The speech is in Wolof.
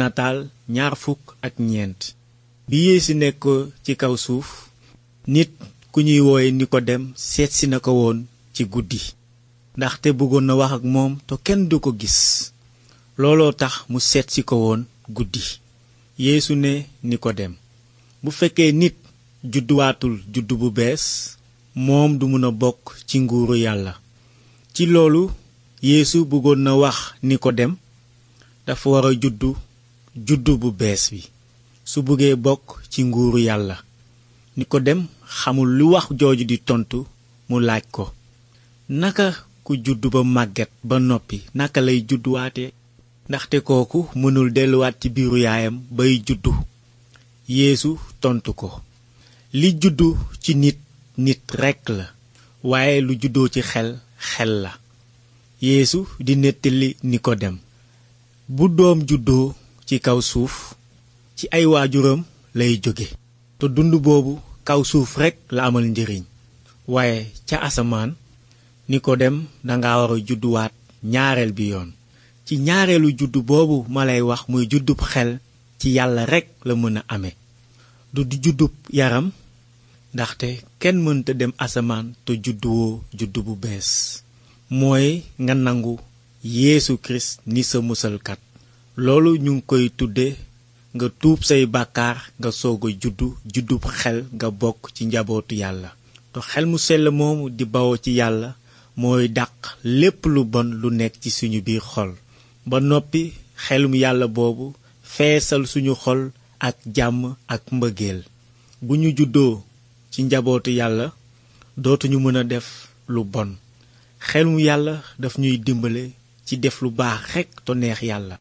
nataal ñaar ñeent bi yeesu nekkoo ci kaw suuf nit ku ñuy wooye nikodem seetsi na ko woon ci guddi ndaxte bëggoon na wax ak moom te kenn du ko gis looloo tax mu seetsi ko woon guddi yéesu ne nikodem bu fekkee nit judduwaatul juddu bu bees moom du mun a bokk ci nguuru yàlla ci loolu yéesu bëggoon na wax nikodem dafa wara juddu juddu bu bees bi su bëggee bokk ci nguuru yàlla Nikodem xamul lu wax jooju di tontu mu laaj ko naka ku juddu ba màgget ba noppi naka lay judduwaate ndaxte kooku mënul delluwaat ci biiru yaayam bay juddu yéesu tontu ko li juddu ci nit nit rekk la waaye lu juddoo ci xel xel la yéesu di nettali Nikodem bu doom juddoo ci kaw suuf ci ay waajuram lay jóge te dund boobu kaw suuf rekk la amal njëriñ waaye ca asamaan ni ko dem danga war a judduwaat ñaareel bi yoon ci ñaareelu juddu boobu ma lay wax muy juddub xel ci yàlla rekk la mën a amee du di juddub yaram ndaxte kenn mënta dem asamaan te judduwoo juddu bu bees mooy nga nangu yéesu Kirist ni sa musalkat loolu ñu ngi koy tuddee nga tuub say bàkkaar nga soog juddu juddub xel nga bokk ci njabootu yàlla te xel mu sell moomu di bawoo ci yàlla mooy dàq lépp lu bon lu nekk ci suñu biir xol ba noppi xelum yàlla boobu feesal suñu xol ak jàmm ak mbëggeel bu ñu juddoo ci njabootu yàlla dootuñu mën a def lu bon xelum yàlla daf ñuy dimbale ci def lu baax rekk to neex yàlla